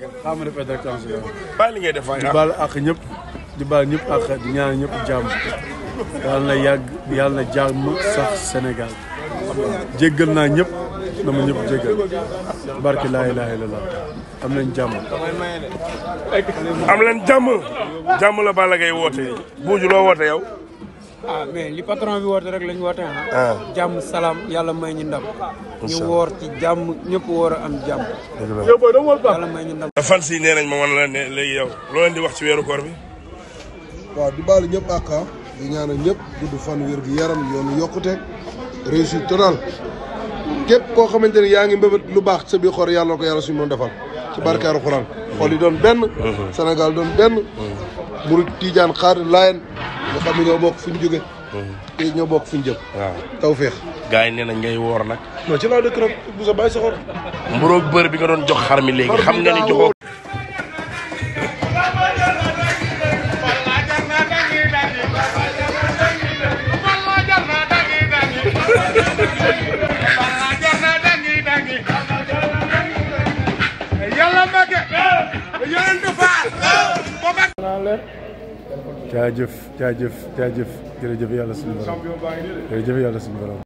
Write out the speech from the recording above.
xam nga dafay directeur si def di baal àq ñëpp di baal ñëpp àq di ñëpp jàmm yàlla na yàgg yàlla na jàmm sax Sénégal jéggal naa ñëpp na ma ñëpp jéggal barki laa ilaaha illallaah am nañ jàmm. am leen jàmm jàmm la Balla Gaye woote buuju loo woote yow. ah mais li patron bi woote rek la ñu woote ah. ah. jàmm salaam yàlla may ñu ndam. ñu woor ci jàmm ñëpp woor am jàmm. yàlla may ñu fan si nee nañ ma wan la ne léegi yow wax ci weeru koor bi. waaw di bal ñëpp àq ah. di ñaanal ñëpp gudd fan wér gu yaram yoonu yokkute réussite totale képp koo xamante ne yaa ngi mbébét lu baax sa biir xor yàlla ko yàlla suñu mën defal ci barke alxuraan xol yi doon benn Sénégal doon benn murit Tiijaan xaar Laayeen nga xam ne ñoo bokk fu ñu jóge mm-hmm. te ñoo bokk fu ñu jëm waaw taw feex gars yi nee na ngay woor nag non ci laa dëkk nag bu sa bàyyi sa xor mburoog bër bi nga doon jox xar mi léegi xam nga ni joxoo yàlla mbake yonentu faal jaajëf jaajëf jaajëf jërëjëf yàlla suñu borom jërëjëf yàlla suñu borom